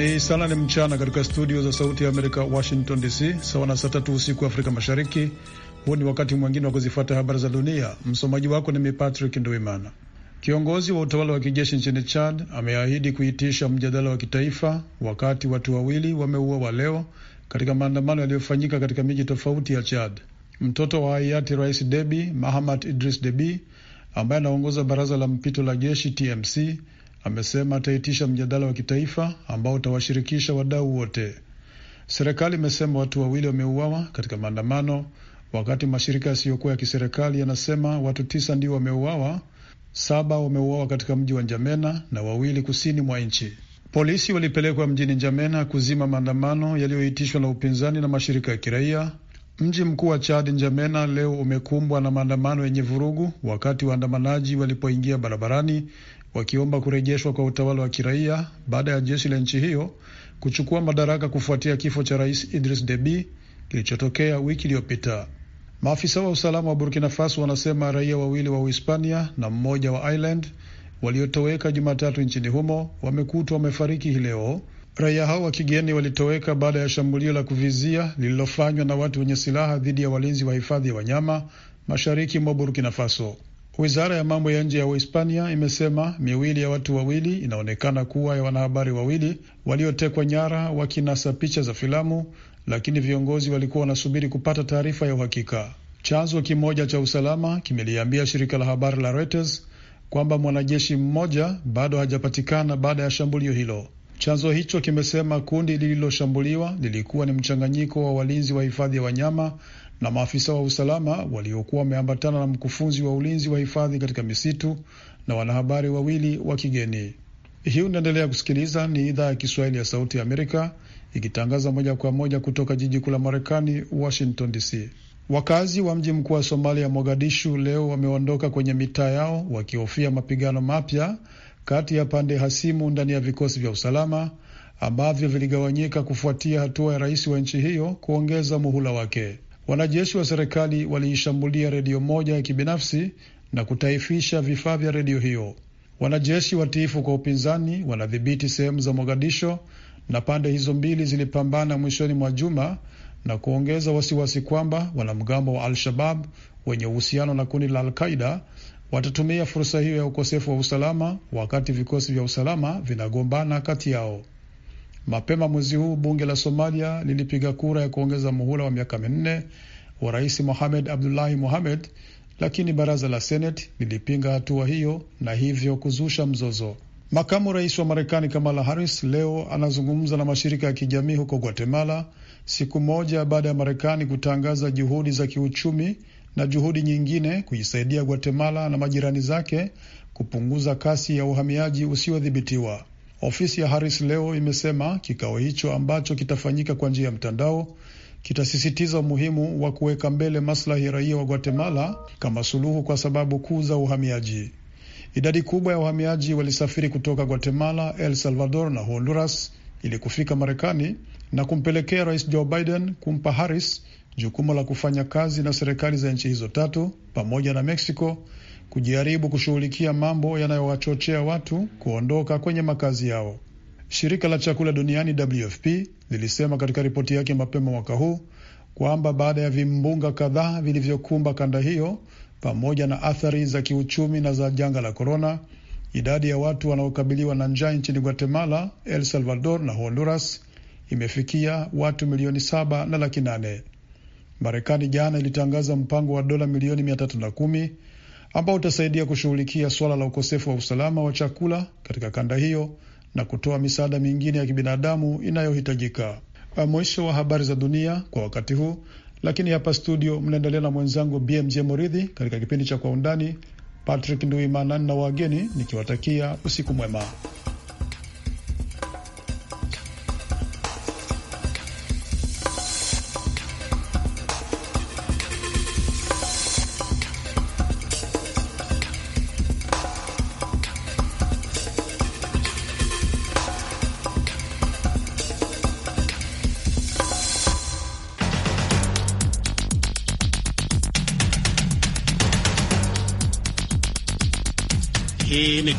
Ni saa nane mchana katika studio za Sauti ya Amerika, Washington DC, sawa na saa tatu usiku Afrika Mashariki. Huu ni wakati mwingine wa kuzifuata habari za dunia. Msomaji wako ni Patrick Nduimana. Kiongozi wa utawala wa kijeshi nchini Chad ameahidi kuitisha mjadala wa kitaifa wakati watu wawili wameuawa leo katika maandamano yaliyofanyika katika miji tofauti ya Chad. Mtoto wa hayati Rais Debi, Mahamat Idris Debi, ambaye anaongoza baraza la mpito la jeshi TMC amesema ataitisha mjadala wa kitaifa ambao utawashirikisha wadau wote. Serikali imesema watu wawili wameuawa katika maandamano, wakati mashirika yasiyokuwa ya kiserikali yanasema watu tisa ndio wameuawa. Saba wameuawa katika mji wa Njamena na wawili kusini mwa nchi. Polisi walipelekwa mjini Njamena kuzima maandamano yaliyoitishwa na upinzani na mashirika ya kiraia. Mji mkuu wa Chad, Njamena, leo umekumbwa na maandamano yenye vurugu, wakati waandamanaji walipoingia barabarani wakiomba kurejeshwa kwa utawala wa kiraia baada ya jeshi la nchi hiyo kuchukua madaraka kufuatia kifo cha Rais Idris Deby kilichotokea wiki iliyopita. Maafisa wa usalama wa Burkina Faso wanasema raia wawili wa Uhispania na mmoja wa Ireland waliotoweka Jumatatu nchini humo wamekutwa wamefariki hii leo. Raia hao wa kigeni walitoweka baada ya shambulio la kuvizia lililofanywa na watu wenye silaha dhidi ya walinzi wa hifadhi ya wanyama mashariki mwa Burkina Faso. Wizara ya mambo ya nje ya Uhispania imesema miwili ya watu wawili inaonekana kuwa ya wanahabari wawili waliotekwa nyara wakinasa picha za filamu, lakini viongozi walikuwa wanasubiri kupata taarifa ya uhakika. Chanzo kimoja cha usalama kimeliambia shirika la habari la Reuters kwamba mwanajeshi mmoja bado hajapatikana baada ya shambulio hilo. Chanzo hicho kimesema kundi lililoshambuliwa lilikuwa ni mchanganyiko wa walinzi wa hifadhi ya wanyama na maafisa wa usalama waliokuwa wameambatana na mkufunzi wa ulinzi wa hifadhi katika misitu na wanahabari wawili wa kigeni. Hii unaendelea kusikiliza, ni idhaa ya Kiswahili ya Sauti ya Amerika ikitangaza moja kwa moja kutoka jiji kuu la Marekani, Washington DC. Wakazi wa mji mkuu wa Somalia, Mogadishu, leo wameondoka kwenye mitaa yao wakihofia mapigano mapya kati ya pande hasimu ndani ya vikosi vya usalama ambavyo viligawanyika kufuatia hatua ya rais wa nchi hiyo kuongeza muhula wake. Wanajeshi wa serikali waliishambulia redio moja ya kibinafsi na kutaifisha vifaa vya redio hiyo. Wanajeshi watiifu kwa upinzani wanadhibiti sehemu za Mogadisho na pande hizo mbili zilipambana mwishoni mwa juma na kuongeza wasiwasi kwamba wanamgambo wa Al-Shabab wenye uhusiano na kundi la Al-Qaida watatumia fursa hiyo ya ukosefu wa usalama wakati vikosi vya usalama vinagombana kati yao. Mapema mwezi huu bunge la Somalia lilipiga kura ya kuongeza muhula wa miaka minne wa rais Mohamed Abdullahi Mohamed, lakini baraza la Seneti lilipinga hatua hiyo na hivyo kuzusha mzozo. Makamu rais wa Marekani Kamala Harris leo anazungumza na mashirika ya kijamii huko Guatemala, siku moja baada ya Marekani kutangaza juhudi za kiuchumi na juhudi nyingine kuisaidia Guatemala na majirani zake kupunguza kasi ya uhamiaji usiodhibitiwa. Ofisi ya Harris leo imesema kikao hicho ambacho kitafanyika kwa njia ya mtandao kitasisitiza umuhimu wa kuweka mbele maslahi ya raia wa Guatemala kama suluhu kwa sababu kuu za uhamiaji. Idadi kubwa ya wahamiaji walisafiri kutoka Guatemala, el Salvador na Honduras ili kufika Marekani na kumpelekea Rais Joe Biden kumpa Harris jukumu la kufanya kazi na serikali za nchi hizo tatu pamoja na Meksiko kujaribu kushughulikia mambo yanayowachochea watu kuondoka kwenye makazi yao. Shirika la chakula duniani WFP lilisema katika ripoti yake mapema mwaka huu kwamba baada ya vimbunga kadhaa vilivyokumba kanda hiyo pamoja na athari za kiuchumi na za janga la korona, idadi ya watu wanaokabiliwa na njaa nchini Guatemala, El Salvador na Honduras imefikia watu milioni saba na laki nane. Marekani jana ilitangaza mpango wa dola milioni mia tatu na kumi ambao utasaidia kushughulikia suala la ukosefu wa usalama wa chakula katika kanda hiyo na kutoa misaada mingine ya kibinadamu inayohitajika. Mwisho wa habari za dunia kwa wakati huu, lakini hapa studio mnaendelea na mwenzangu BMJ Moridhi katika kipindi cha Kwa Undani. Patrick Nduimana na wageni nikiwatakia usiku mwema.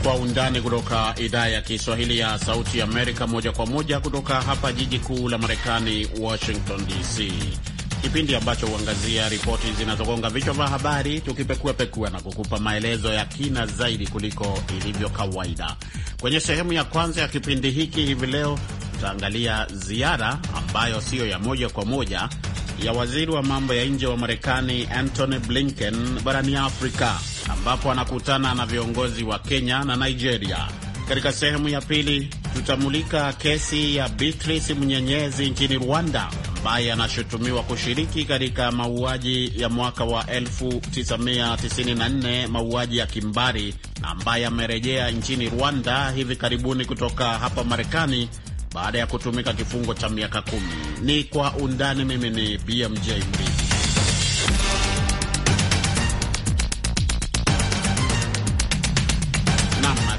Kwa Undani kutoka idhaa ya Kiswahili ya Sauti Amerika, moja kwa moja kutoka hapa jiji kuu la Marekani, Washington DC, kipindi ambacho huangazia ripoti zinazogonga vichwa vya habari, tukipekuapekua na kukupa maelezo ya kina zaidi kuliko ilivyo kawaida. Kwenye sehemu ya kwanza ya kipindi hiki hivi leo, tutaangalia ziara ambayo siyo ya moja kwa moja ya waziri wa mambo ya nje wa Marekani Antony Blinken barani Afrika, ambapo anakutana na viongozi wa Kenya na Nigeria. Katika sehemu ya pili tutamulika kesi ya Beatrice Mnyenyezi nchini Rwanda ambaye anashutumiwa kushiriki katika mauaji ya mwaka wa 1994 mauaji ya kimbari, na ambaye amerejea nchini Rwanda hivi karibuni kutoka hapa Marekani baada ya kutumika kifungo cha miaka kumi. Ni kwa undani. Mimi ni BMJ Mridi.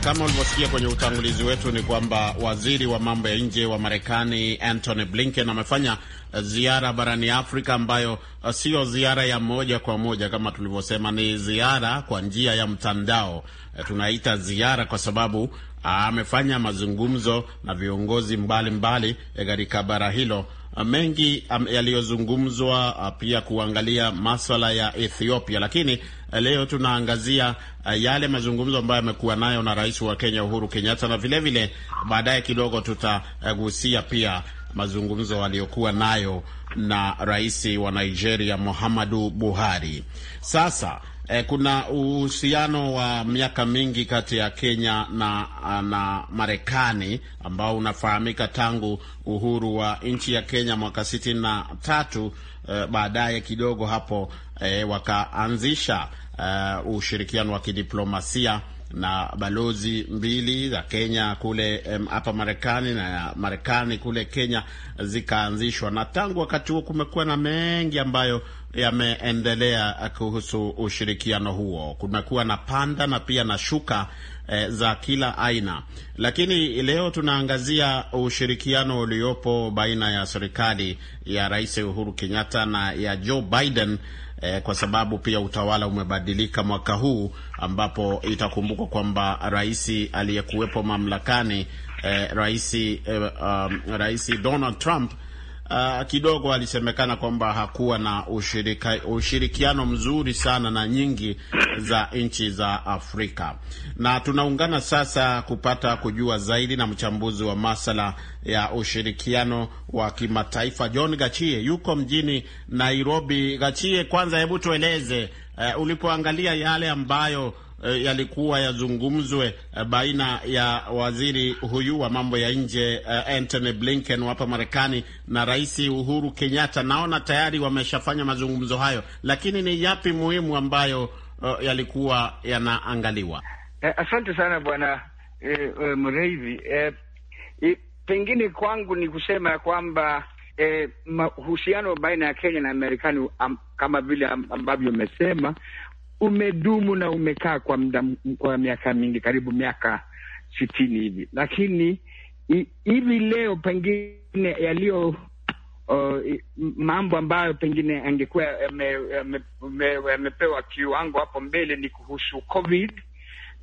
Kama ulivyosikia kwenye utangulizi wetu ni kwamba waziri wa mambo ya nje wa Marekani Antony Blinken amefanya eh, ziara barani Afrika ambayo eh, sio ziara ya moja kwa moja kama tulivyosema, ni ziara kwa njia ya mtandao. Eh, tunaita ziara kwa sababu amefanya mazungumzo na viongozi mbalimbali eh, katika bara hilo. Eh, mengi um, yaliyozungumzwa eh, pia kuangalia maswala ya Ethiopia, lakini leo tunaangazia yale mazungumzo ambayo yamekuwa nayo na rais wa Kenya Uhuru Kenyatta, na vilevile baadaye kidogo tutagusia pia mazungumzo aliyokuwa nayo na rais wa Nigeria Muhammadu Buhari. Sasa eh, kuna uhusiano wa miaka mingi kati ya Kenya na, na Marekani ambao unafahamika tangu uhuru wa nchi ya Kenya mwaka sitini na tatu. Eh, baadaye kidogo hapo eh, wakaanzisha eh, ushirikiano wa kidiplomasia na balozi mbili za Kenya kule hapa Marekani na Marekani kule Kenya zikaanzishwa, na tangu wakati huo kumekuwa na mengi ambayo yameendelea kuhusu ushirikiano huo. Kumekuwa na panda na pia na shuka e, za kila aina, lakini leo tunaangazia ushirikiano uliopo baina ya serikali ya Rais Uhuru Kenyatta na ya Joe Biden e, kwa sababu pia utawala umebadilika mwaka huu, ambapo itakumbukwa kwamba rais aliyekuwepo mamlakani e, rais e, um, Donald Trump uh, kidogo alisemekana kwamba hakuwa na ushirika, ushirikiano mzuri sana na nyingi za nchi za Afrika. Na tunaungana sasa kupata kujua zaidi na mchambuzi wa masala ya ushirikiano wa kimataifa John Gachie, yuko mjini Nairobi. Gachie, kwanza hebu tueleze uh, ulipoangalia yale ambayo e, yalikuwa yazungumzwe e, baina ya waziri huyu wa mambo ya nje e, eh, Anthony Blinken hapa Marekani na Rais Uhuru Kenyatta. Naona tayari wameshafanya mazungumzo hayo, lakini ni yapi muhimu ambayo e, yalikuwa yanaangaliwa? Eh, asante sana bwana eh, eh, Mreithi eh, eh, pengine kwangu ni kusema ya kwamba uhusiano eh, baina ya Kenya na Marekani kama vile ambavyo umesema umedumu na umekaa kwa muda kwa miaka mingi, karibu miaka sitini hivi, lakini hivi leo pengine yaliyo Uh, mambo ambayo pengine angekuwa yamepewa kiwango hapo mbele ni kuhusu COVID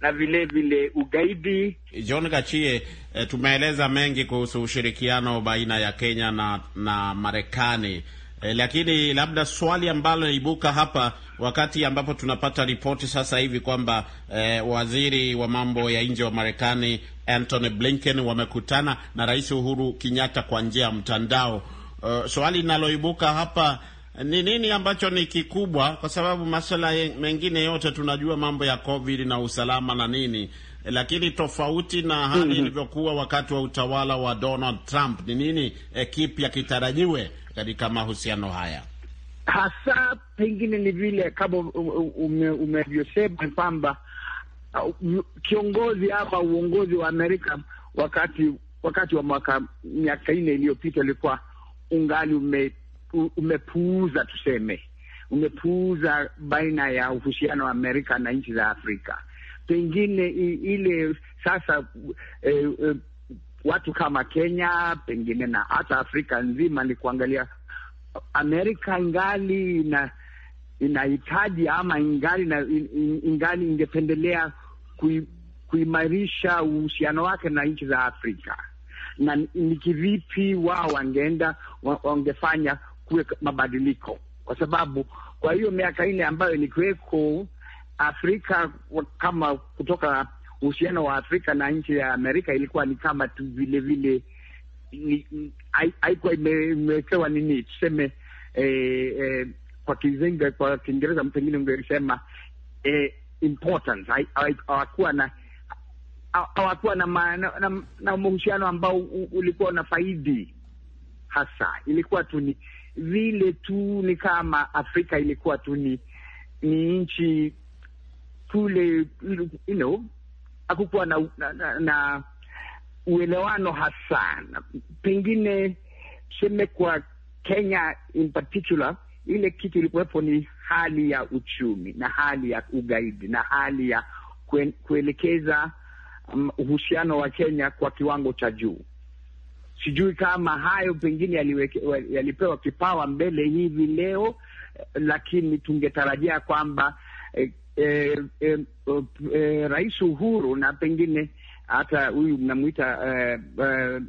na vile vile ugaidi. John Gachie, eh, tumeeleza mengi kuhusu ushirikiano baina ya Kenya na, na Marekani E, lakini labda swali ambalo linaibuka hapa wakati ambapo tunapata ripoti sasa hivi kwamba e, waziri wa mambo ya nje wa Marekani Anthony Blinken wamekutana na Rais Uhuru Kenyatta kwa njia ya mtandao. E, swali linaloibuka hapa ni nini ambacho ni kikubwa, kwa sababu masuala mengine yote tunajua mambo ya COVID na usalama na nini, lakini tofauti na hali mm -hmm. ilivyokuwa wakati wa utawala wa Donald Trump, ni nini eh, kipya kitarajiwe katika mahusiano haya? Hasa pengine ni vile kama umevyosema ume, kwamba uh, kiongozi ama uongozi wa Amerika wakati wakati wa mwaka miaka nne iliyopita ulikuwa ungali ume umepuuza tuseme, umepuuza baina ya uhusiano wa Amerika na nchi za Afrika. Pengine ile sasa e, e, watu kama Kenya pengine na hata Afrika nzima ni kuangalia Amerika ingali ina inahitaji ama ingali na, ingali ingependelea kui, kuimarisha uhusiano wake na nchi za Afrika na ni kivipi wao wangeenda wangefanya kuwe mabadiliko, kwa sababu kwa hiyo miaka nne ambayo kuweko Afrika kama kutoka uhusiano wa Afrika na nchi ya Amerika ilikuwa ni kama tu vile vile haikuwa imewekewa nini tuseme, eh, eh, kwa Kizinga, kwa Kiingereza pengine ungesema eh, importance hawakuwa na hawakuwa na, na, na, na uhusiano ambao ulikuwa na faidi hasa, ilikuwa tu ni vile tu ni kama Afrika ilikuwa tu ni, ni nchi kule, you know, hakukuwa na, na, na, na uelewano hasa, pengine tuseme kwa Kenya in particular, ile kitu ilikuwepo ni hali ya uchumi na hali ya ugaidi na hali ya kuelekeza um, uhusiano wa Kenya kwa kiwango cha juu. Sijui kama hayo pengine yalipewa kipawa mbele hivi leo, lakini tungetarajia kwamba eh, eh, eh, eh, Rais Uhuru na pengine hata huyu mnamwita eh, eh,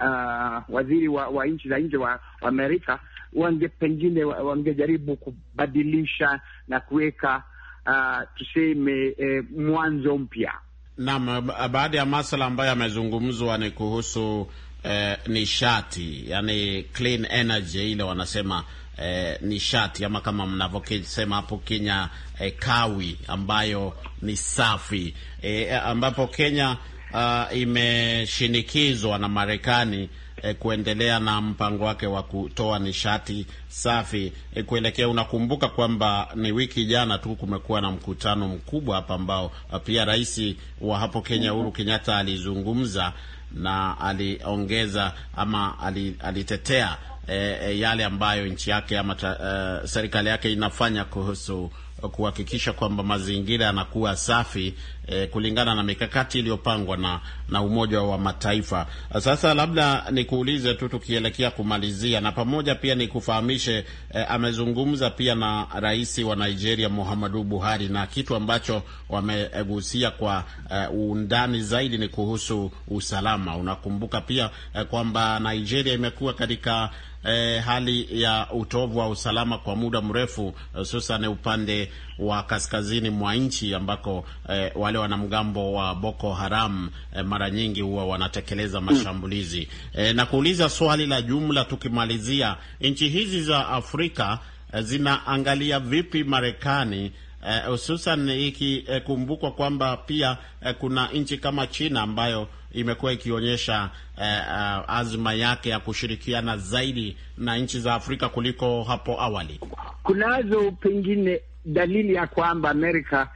Uh, waziri wa, wa nchi za nje wa, wa Amerika wange pengine wangejaribu kubadilisha na kuweka uh, tuseme eh, mwanzo mpya. Naam, baadhi ya masuala ambayo yamezungumzwa ni kuhusu eh, nishati yani clean energy ile wanasema eh, nishati ama kama mnavyosema hapo Kenya eh, kawi ambayo ni safi eh, ambapo Kenya uh, imeshinikizwa na Marekani eh, kuendelea na mpango wake wa kutoa nishati safi eh, kuelekea. Unakumbuka kwamba ni wiki jana tu kumekuwa na mkutano mkubwa hapa ambao eh, pia rais wa hapo Kenya Uhuru Kenyatta alizungumza na aliongeza ama alitetea eh, eh, yale ambayo nchi yake ama eh, serikali yake inafanya kuhusu kuhakikisha kwamba mazingira yanakuwa safi eh, kulingana na mikakati iliyopangwa na, na Umoja wa Mataifa. Sasa labda nikuulize tu tukielekea kumalizia, na pamoja pia nikufahamishe eh, amezungumza pia na rais wa Nigeria Muhammadu Buhari, na kitu ambacho wamegusia kwa eh, undani zaidi ni kuhusu usalama. Unakumbuka pia eh, kwamba Nigeria imekuwa katika eh, hali ya utovu wa usalama kwa muda mrefu, eh, hususan upande wa kaskazini mwa nchi ambako eh, wale wanamgambo wa Boko Haram eh, mara nyingi huwa wanatekeleza mm. mashambulizi eh, na kuuliza swali la jumla tukimalizia, nchi hizi za Afrika eh, zinaangalia vipi Marekani Eh, hususan uh, ikikumbukwa uh, kwamba pia uh, kuna nchi kama China ambayo imekuwa ikionyesha uh, uh, azma yake ya kushirikiana zaidi na nchi za Afrika kuliko hapo awali. Kunazo pengine dalili ya kwamba Amerika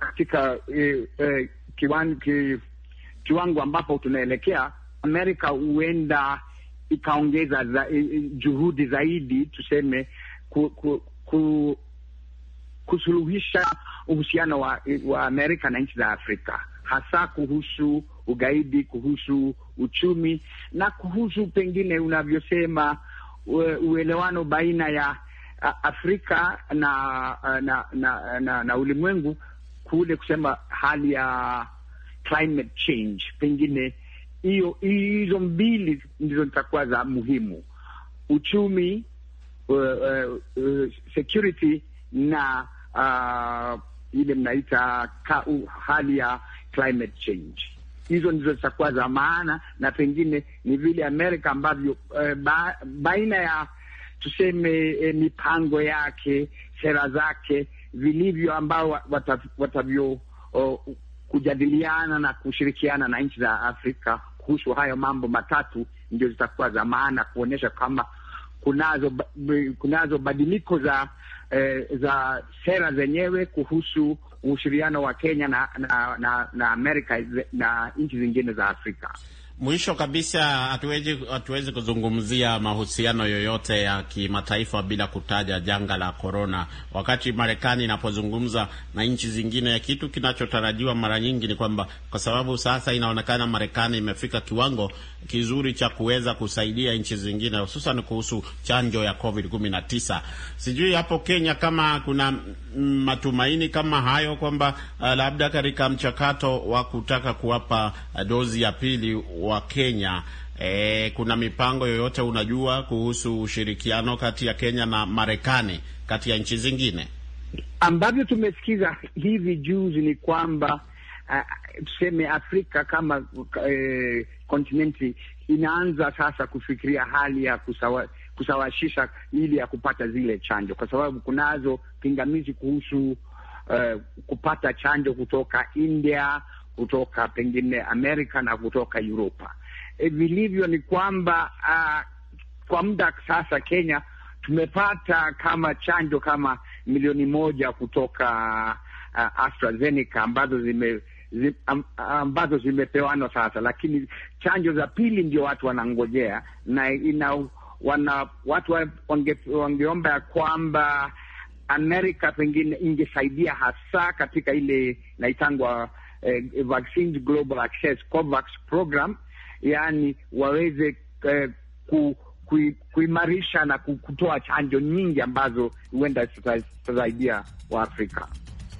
katika eh, eh, kiwan, ki, kiwango ambapo tunaelekea Amerika huenda ikaongeza za, eh, juhudi zaidi tuseme ku, ku, ku kusuluhisha uhusiano wa, wa Amerika na nchi za Afrika, hasa kuhusu ugaidi, kuhusu uchumi na kuhusu pengine unavyosema uelewano baina ya Afrika na na na, na, na ulimwengu kule kusema hali ya climate change. Pengine hiyo hizo mbili ndizo zitakuwa za muhimu: uchumi, uh, uh, security na uh, ile mnaita kau, hali ya climate change. Hizo ndizo zitakuwa za maana, na pengine ni vile Amerika ambavyo eh, ba, baina ya tuseme eh, mipango yake sera zake vilivyo ambao watavyokujadiliana na kushirikiana na nchi za Afrika kuhusu hayo mambo matatu ndio zitakuwa za maana kuonyesha kwamba kunazo, kunazo badiliko za eh, za sera zenyewe kuhusu ushiriano wa Kenya na, na, na, na Amerika na nchi zingine za Afrika. Mwisho kabisa, hatuwezi hatuwezi kuzungumzia mahusiano yoyote ya kimataifa bila kutaja janga la korona. Wakati Marekani inapozungumza na nchi zingine, kitu kinachotarajiwa mara nyingi ni kwamba, kwa sababu sasa inaonekana Marekani imefika kiwango kizuri cha kuweza kusaidia nchi zingine, hususan kuhusu chanjo ya Covid 19. Sijui hapo Kenya kama kuna mm, matumaini kama hayo kwamba uh, labda katika mchakato wa kutaka kuwapa uh, dozi ya pili wa Kenya eh, kuna mipango yoyote unajua kuhusu ushirikiano kati ya Kenya na Marekani, kati ya nchi zingine? Ambavyo tumesikiza hivi juzi ni kwamba uh, tuseme Afrika kama uh, kontinenti inaanza sasa kufikiria hali ya kusawa, kusawasisha ili ya kupata zile chanjo, kwa sababu kunazo pingamizi kuhusu uh, kupata chanjo kutoka India, kutoka pengine Amerika na kutoka Uropa. E, eh, vilivyo ni kwamba uh, kwa muda sasa Kenya tumepata kama chanjo kama milioni moja kutoka uh, AstraZeneca ambazo zime ambazo zimepewanwa sasa, lakini chanjo za pili ndio watu wanangojea na ina, wana, watu wange, wangeomba ya kwamba Amerika pengine ingesaidia hasa katika ile naitangwa eh, Vaccines Global Access COVAX program, yaani waweze eh, ku kuimarisha na kutoa chanjo nyingi ambazo huenda zitasaidia Waafrika.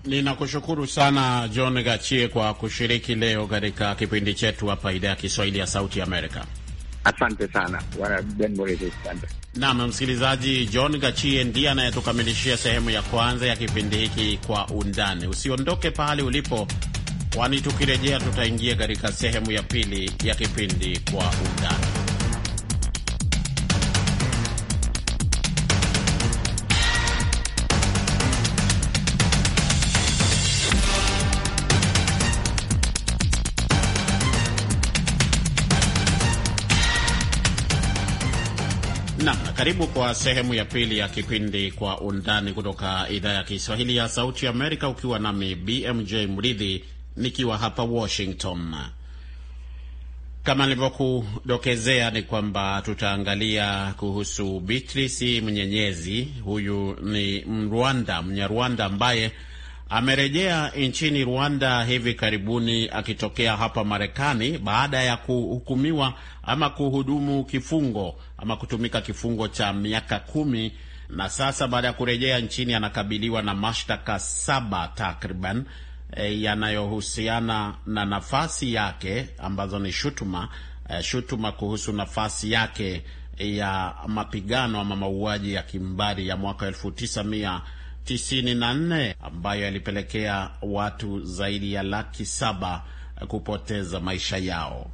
Ninakushukuru sana John Gachie kwa kushiriki leo katika kipindi chetu hapa idhaa ya Kiswahili ya Sauti Amerika. Asante sana Bwana msikilizaji, John Gachie ndiye anayetukamilishia sehemu ya kwanza ya kipindi hiki kwa undani. Usiondoke pahali ulipo, kwani tukirejea tutaingia katika sehemu ya pili ya kipindi kwa undani. Karibu kwa sehemu ya pili ya kipindi Kwa Undani kutoka idhaa ya Kiswahili ya Sauti Amerika, ukiwa nami BMJ Mridhi nikiwa hapa Washington. Kama nilivyokudokezea ni kwamba tutaangalia kuhusu Beatrice Mnyenyezi. Huyu ni Mrwanda, Mnyarwanda ambaye amerejea nchini Rwanda hivi karibuni akitokea hapa Marekani baada ya kuhukumiwa ama kuhudumu kifungo ama kutumika kifungo cha miaka kumi na sasa baada ya kurejea nchini anakabiliwa na mashtaka saba takriban e, yanayohusiana na nafasi yake ambazo ni shutuma e, shutuma kuhusu nafasi yake ya mapigano ama mauaji ya kimbari ya mwaka elfu tisa mia 94 ambayo yalipelekea watu zaidi ya laki saba kupoteza maisha yao.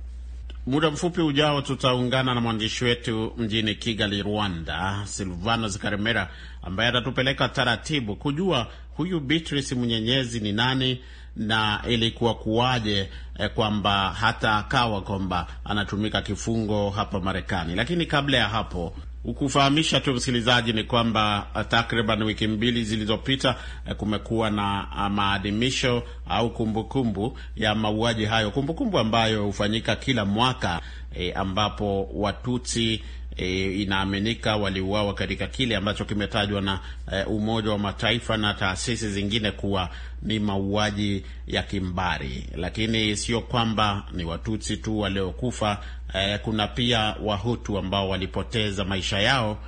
Muda mfupi ujao tutaungana na mwandishi wetu mjini Kigali, Rwanda, Silvanos Karemera ambaye atatupeleka taratibu kujua huyu Beatrice Mnyenyezi ni nani na ilikuwa kuwaje eh, kwamba hata akawa kwamba anatumika kifungo hapa Marekani. Lakini kabla ya hapo Ukufahamisha tu msikilizaji ni kwamba uh, takriban wiki mbili zilizopita uh, kumekuwa na uh, maadhimisho au kumbukumbu kumbu ya mauaji hayo, kumbukumbu kumbu ambayo hufanyika kila mwaka e, ambapo Watutsi e, inaaminika waliuawa katika kile ambacho kimetajwa na e, Umoja wa Mataifa na taasisi zingine kuwa ni mauaji ya kimbari, lakini sio kwamba ni Watutsi tu waliokufa, eh, kuna pia Wahutu ambao walipoteza maisha yao,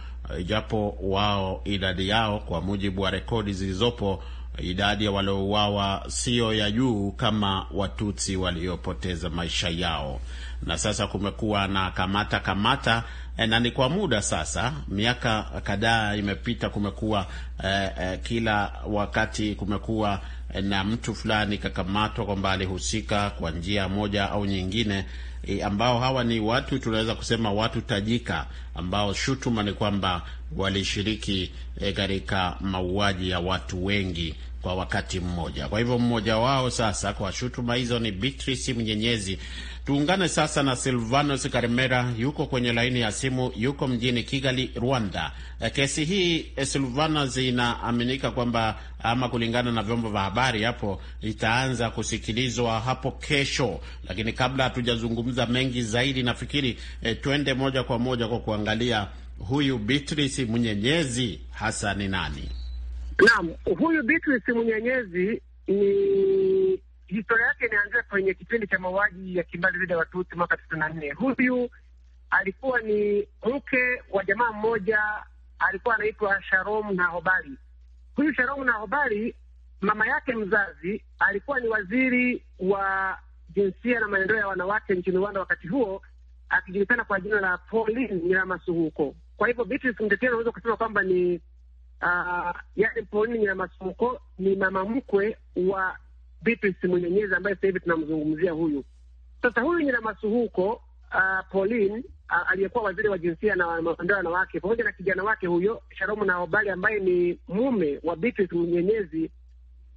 ijapo eh, wao idadi yao kwa mujibu wa rekodi zilizopo eh, idadi ya waliouawa sio ya juu kama Watutsi waliopoteza maisha yao. Na sasa kumekuwa na kamata kamata eh, na ni kwa muda sasa, miaka kadhaa imepita, kumekuwa eh, eh, kila wakati kumekuwa eh, na mtu fulani kakamatwa kwamba alihusika kwa njia moja au nyingine e, ambao hawa ni watu tunaweza kusema watu tajika ambao shutuma ni kwamba walishiriki e, katika e, mauaji ya watu wengi kwa wakati mmoja. Kwa hivyo mmoja wao sasa, kwa shutuma hizo, ni Beatrice Mnyenyezi Tuungane sasa na Silvanos Karimera, yuko kwenye laini ya simu, yuko mjini Kigali, Rwanda. Eh, kesi hii eh, Silvanos, inaaminika kwamba ama kulingana na vyombo vya habari hapo itaanza kusikilizwa hapo kesho, lakini kabla hatujazungumza mengi zaidi, nafikiri e, twende moja kwa moja kwa kuangalia huyu Beatrice mnyenyezi hasa ni nani? Naam, huyu Beatrice Mnyenyezi ni historia yake inaanzia kwenye kipindi cha mauaji ya kimbali dhidi ya Watusi mwaka tisini na nne. Huyu alikuwa ni mke wa jamaa mmoja, alikuwa anaitwa Sharom Nahobali. Huyu Sharom Nahobali, mama yake mzazi alikuwa ni waziri wa jinsia na maendeleo ya wanawake nchini Rwanda wakati huo, akijulikana kwa jina la Pauline Nyiramasuhuko. Kwa hivyo Beatrice Mtetero anaweza kusema kwamba ni uh, yani Pauline Nyiramasuhuko ni mama mkwe wa Beatrice Munyenyezi ambaye sasa hivi tunamzungumzia huyu. Sasa huyu Nyira Masuhuko uh, Pauline uh, aliyekuwa waziri wa jinsia na maendeleo ya wanawake pamoja na kijana wake huyo Sharomu na Obali ambaye ni mume wa Beatrice Munyenyezi,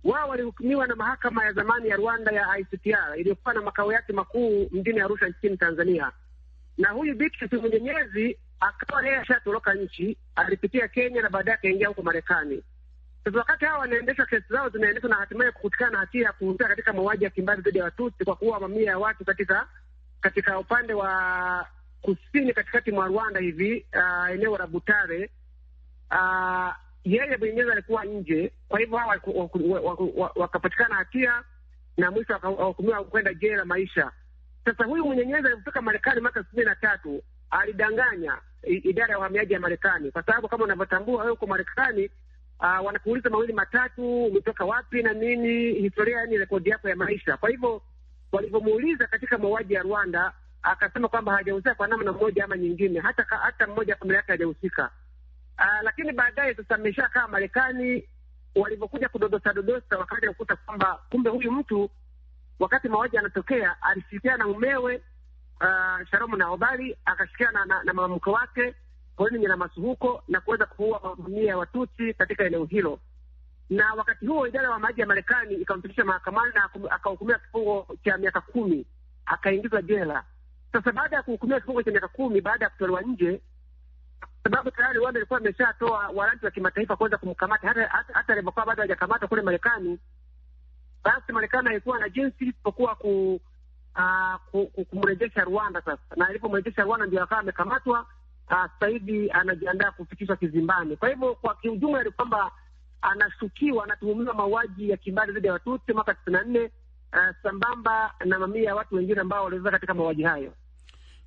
wao walihukumiwa na mahakama ya zamani ya Rwanda ya ICTR iliyokuwa na makao yake makuu mjini Arusha nchini Tanzania, na huyu Beatrice Munyenyezi akawa yeye ashatoroka nchi, alipitia Kenya na baadaye akaingia huko Marekani. Sasa wakati hawa wanaendesha kesi zao zinaendeshwa na hatimaye kukutikana na hatia ya kuhusika katika mauaji ya kimbari dhidi ya Watusi kwa kuua mamia ya watu katika katika upande wa kusini katikati mwa Rwanda hivi uh, eneo la Butare uh, yeye mwenyewe alikuwa nje, kwa hivyo hawa wakapatikana hatia na mwisho wakahukumiwa kwenda jela maisha. Sasa huyu mwenyenyezi alipofika Marekani mwaka elfu mbili na tatu alidanganya idara ya uhamiaji ya Marekani, kwa sababu kama unavyotambua wewe, uko Marekani uh, wanakuuliza mawili matatu, umetoka wapi na nini, historia, yani rekodi yako ya maisha. Kwa hivyo walivyomuuliza katika mauaji ya Rwanda akasema kwamba hajahusika kwa namna moja ama nyingine, hata hata mmoja familia yake hajahusika. Uh, ah, lakini baadaye sasa ameshakaa Marekani, walivyokuja kudodosa dodosa, wakaja kukuta kwamba kumbe huyu mtu wakati mauaji anatokea alishirikiana na mumewe uh, ah, Sharomu na obali akashirikiana na, na, na mwanamke wake kwa porini Nyiramatsu huko na kuweza kuua mamia ya Watutsi katika eneo hilo. Na wakati huo idara ya maji ya Marekani ikamfikisha mahakamani na akahukumiwa kifungo cha miaka kumi, akaingizwa jela. Sasa baada ya kuhukumiwa kifungo cha miaka kumi baada ya kutolewa nje sababu tayari Rwanda ilikuwa ameshatoa waranti wa kimataifa kuweza kumkamata hata hata, hata alivyokuwa bado hajakamatwa kule Marekani. Basi Marekani haikuwa na jinsi isipokuwa ku, uh, ku, ku, kumrejesha Rwanda. Sasa na alipomrejesha Rwanda ndio akawa amekamatwa Ah, sasa hivi anajiandaa kufikishwa kizimbani. Kwa hivyo kwa kiujumla ni kwamba anashukiwa, anatuhumiwa mauaji ya kimbari dhidi ya Watutsi mwaka tisini na nne eh, sambamba na mamia ya watu wengine ambao waliweza katika mauaji hayo.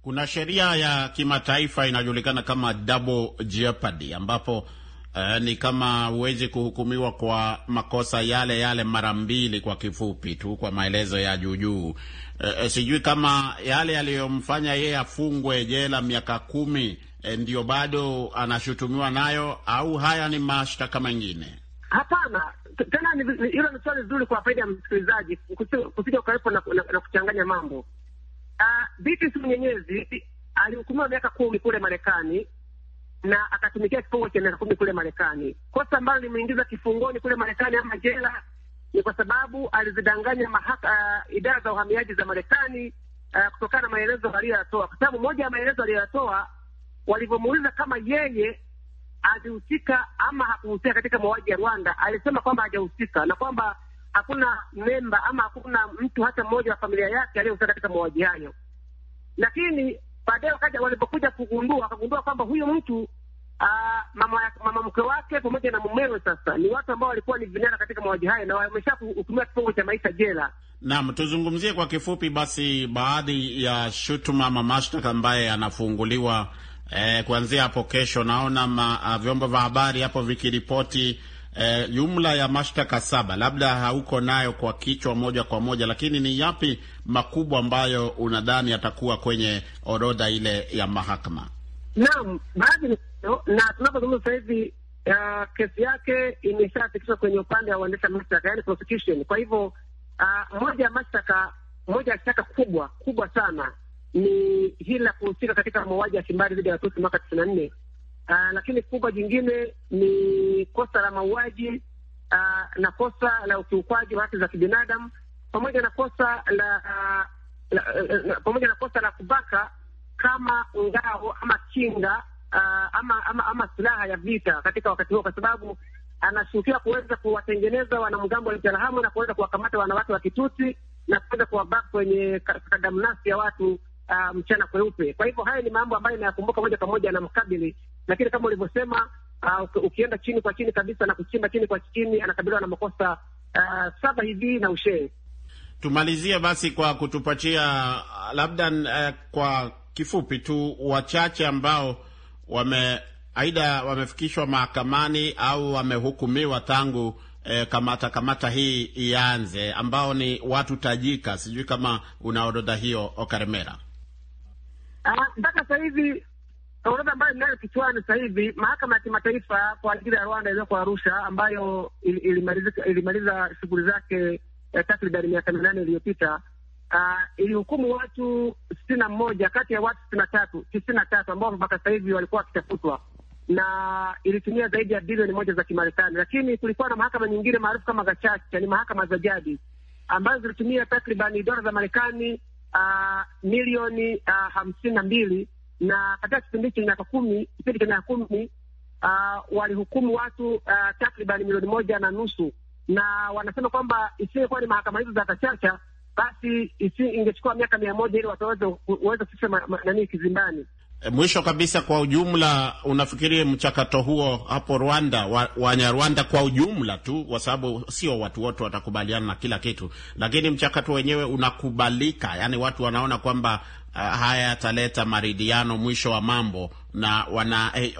Kuna sheria ya kimataifa inajulikana kama double jeopardy ambapo uh, ni kama huwezi kuhukumiwa kwa makosa yale yale mara mbili, kwa kifupi tu, kwa maelezo ya juujuu. Uh, eh, eh, sijui kama yale yaliyomfanya yeye afungwe jela miaka kumi ndio bado anashutumiwa nayo au haya ni mashtaka mengine? Hapana, tena hilo ni swali zuri kwa faida ya msikilizaji, kusija ukawepo na, na, na kuchanganya mambo. Uh, ah, Biti mwenyezi alihukumiwa miaka kumi kule Marekani na akatumikia kifungo cha miaka kumi kule Marekani. Kosa ambalo limeingiza kifungoni kule Marekani ama jela ni kwa sababu alizidanganya mahaka, uh, idara za uhamiaji za Marekani uh, kutokana na maelezo aliyoyatoa, kwa sababu moja ya maelezo aliyoyatoa walivyomuuliza kama yeye alihusika ama hakuhusika katika mauaji ya Rwanda, alisema kwamba hajahusika na kwamba hakuna memba ama hakuna mtu hata mmoja wa familia yake aliyehusika katika mauaji hayo, lakini baadaye wakaja, walipokuja kugundua, wakagundua kwamba huyu mtu ah, mama, mama mke wake pamoja na mumewe sasa ni watu ambao walikuwa ni vinara katika mauaji hayo na wamesha kutumia kifungo cha maisha jela. Naam, tuzungumzie kwa kifupi basi baadhi ya shutuma ama mashtaka ambaye yanafunguliwa eh, kuanzia hapo kesho. Naona ah, vyombo vya habari hapo vikiripoti Eh, jumla ya mashtaka saba, labda hauko nayo kwa kichwa moja kwa moja, lakini ni yapi makubwa ambayo unadhani yatakuwa kwenye orodha ile ya mahakama? Naam, baadhi na tunapozungumza sasa hivi uh, kesi yake imeshafikishwa kwenye upande wa uendesha mashtaka, yani prosecution. Kwa hivyo uh, moja ya mashtaka moja ya shtaka kubwa kubwa sana ni hili la kuhusika katika mauaji ya kimbari dhidi ya Watusi mwaka tisini na nne Aa, ah, lakini kubwa jingine ni kosa la mauaji ah, na kosa la ukiukwaji wa haki za kibinadamu pamoja na kosa la, uh, la eh, pamoja na kosa la kubaka kama ngao ama kinga ama, ama, ama silaha ya vita katika wakati huo, kwa sababu anashukiwa kuweza kuwatengeneza wanamgambo wa Interahamwe na kuweza kuwakamata wanawake wa Kitutsi na kuweza kuwabaka kwenye kadamnasi ya watu Uh, mchana kweupe. Kwa hivyo haya ni mambo ambayo nayakumbuka moja kwa moja na mkabili lakini kama ulivyosema, uh, ukienda chini kwa chini kabisa na kuchimba chini kwa chini, anakabiliwa na makosa uh, saba hivi na ushee Tumalizie basi kwa kutupatia labda, uh, kwa kifupi tu, wachache ambao wame aidha wamefikishwa mahakamani au wamehukumiwa tangu eh, kamata kamata hii ianze, ambao ni watu tajika. Sijui kama una orodha hiyo Okaremera. Ah, mpaka sasa hivi orodha ambayo mnayo kichwani sasa hivi, mahakama ya kimataifa kwa ajili ya Rwanda iliyoko Arusha ambayo ilimaliza shughuli zake eh, takriban miaka minane iliyopita uh, ilihukumu watu sitini na mmoja kati ya watu sitini na tatu tisini na tatu ambao mpaka sasa hivi walikuwa wakitafutwa na ilitumia zaidi ya bilioni moja za Kimarekani. Lakini kulikuwa na mahakama nyingine maarufu kama gachacha, ni mahakama za jadi ambazo zilitumia takriban dola za Marekani uh, milioni uh, hamsini na mbili na katika kipindi hicho miaka kumi, kipindi cha miaka kumi uh, walihukumu watu uh, takriban milioni moja na nusu, na wanasema kwamba isingekuwa ni mahakama hizo za Kachacha basi ingechukua miaka mia moja ili watu waweze kufisha nani kizimbani. Eh, mwisho kabisa, kwa ujumla, unafikiri mchakato huo hapo Rwanda wa, Wanyarwanda kwa ujumla tu, kwa sababu sio watu wote watakubaliana na kila kitu, lakini mchakato wenyewe unakubalika, yaani watu wanaona kwamba Eh, haya yataleta maridhiano mwisho wa mambo, na eh,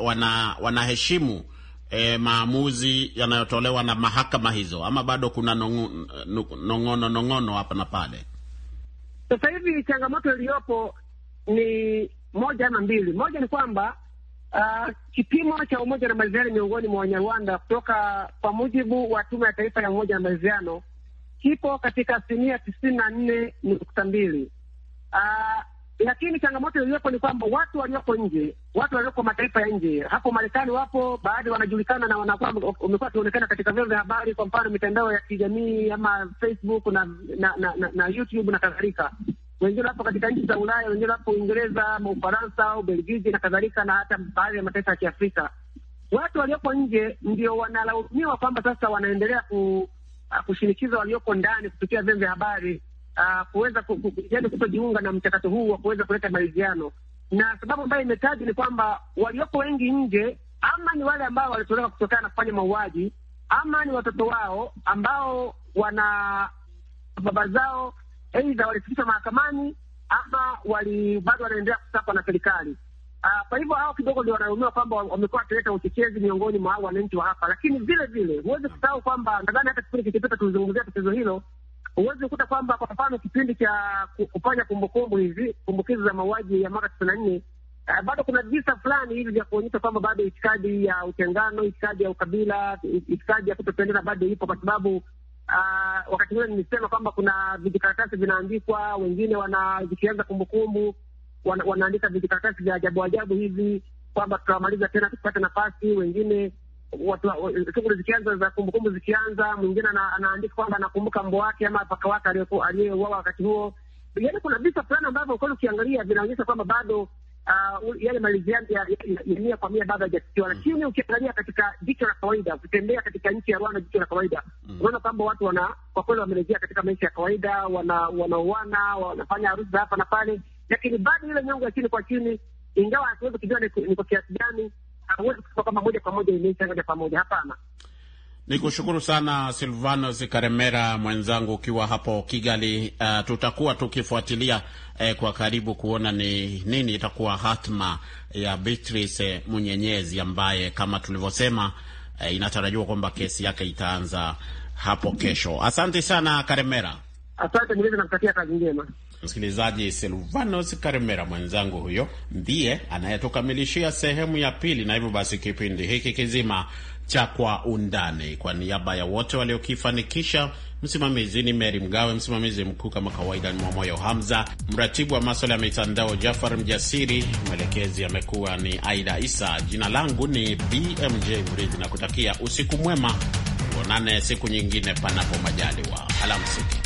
wanaheshimu wana, wana e, maamuzi yanayotolewa na mahakama hizo, ama bado kuna nongono nongono hapa na pale? Sasa hivi changamoto iliyopo ni moja ama mbili. Moja ni kwamba uh, kipimo cha umoja na maridhiano miongoni mwa Wanyarwanda kutoka kwa mujibu wa Tume ya Taifa ya Umoja na Maridhiano kipo katika asilimia tisini na nne nukta mbili. Ah, lakini changamoto iliyopo ni kwamba watu walioko nje, watu walioko mataifa ya nje, hapo Marekani wapo baadhi wanajulikana na wanakuwa wamekuwa wakionekana katika vyombo vya habari, kwa mfano mitandao ya kijamii ama Facebook na na, na, na, na YouTube na kadhalika. Wengine wapo katika nchi za Ulaya, wengine wapo Uingereza ama Ufaransa, Ubelgiji na kadhalika, na hata baadhi ya mataifa ya Kiafrika. Watu walioko nje ndio wanalaumiwa kwamba sasa wanaendelea ku, kushinikiza walioko ndani kupitia vyombo vya habari uh, kuweza yani kutojiunga na mchakato huu wa kuweza kuleta maridhiano, na sababu ambayo imetajwa ni kwamba walioko wengi nje ama ni wale ambao walitolewa kutokana na kufanya mauaji ama ni watoto wao ambao wana baba zao aidha walifikishwa mahakamani ama wali bado wanaendelea kusakwa na serikali. Uh, Kwa hivyo hao kidogo ndio wanaumiwa kwamba wamekuwa wakileta uchochezi miongoni mwa wananchi wa hapa, lakini vile vile huwezi kusahau kwamba nadhani hata kipindi kilichopita tulizungumzia tatizo hilo huwezi kuta kwamba kwa mfano kipindi cha kufanya kumbukumbu hizi kumbukizi za mauaji ya mwaka tisini na nne Uh, bado kuna visa fulani hivi vya kuonyesha kwamba bado itikadi ya utengano, itikadi ya ukabila, itikadi ya kutopendana bado ipo, kwa sababu uh, wakati huo nimesema kwamba kuna vijikaratasi vinaandikwa, wengine wana vikianza kumbukumbu wana, wanaandika vijikaratasi vya ajabu ajabu hivi kwamba tutawamaliza tena tukipata nafasi, wengine shughuli zikianza za kumbukumbu zikianza, mwingine anaandika kwamba anakumbuka mbwa wake ama paka wake aliyeuawa wakati huo. Yani kuna visa fulani ambavyo kweli ukiangalia vinaonyesha kwamba bado Uh, yale maliziano ya, ya, ya mia kwa mia bado hajafikiwa, mm. lakini mm. Ukiangalia katika jicho la kawaida, ukitembea katika nchi ya Rwanda jicho la kawaida mm. Unaona kwamba watu wana kwa kweli wamerejea katika maisha ya kawaida, wanaoana, wanafanya harusi za hapa na pale, lakini bado ile nyongo ya chini kwa chini, ingawa hatuwezi kujua ni kwa kiasi gani kusema moja kwa moja imeisha moja kwa moja, hapana. Ni kushukuru sana Silvanos Karemera mwenzangu, ukiwa hapo Kigali. Uh, tutakuwa tukifuatilia eh, kwa karibu kuona ni nini itakuwa hatma ya Beatrice Munyenyezi ambaye kama tulivyosema, eh, inatarajiwa kwamba kesi yake itaanza hapo kesho. Asante sana Karemera, asante. namtakia kazi njema. Msikilizaji, Silvanos Karimera mwenzangu huyo ndiye anayetukamilishia sehemu ya pili, na hivyo basi kipindi hiki kizima cha Kwa Undani, kwa niaba ya wote waliokifanikisha, msimamizi ni Meri Mgawe, msimamizi mkuu kama kawaida ni Mwamoyo Hamza, mratibu wa maswala ya mitandao Jafar Mjasiri, mwelekezi amekuwa ni Aida Isa. Jina langu ni BMJ Mridhi na kutakia usiku mwema, tuonane siku nyingine panapo majaliwa. Alamsiki.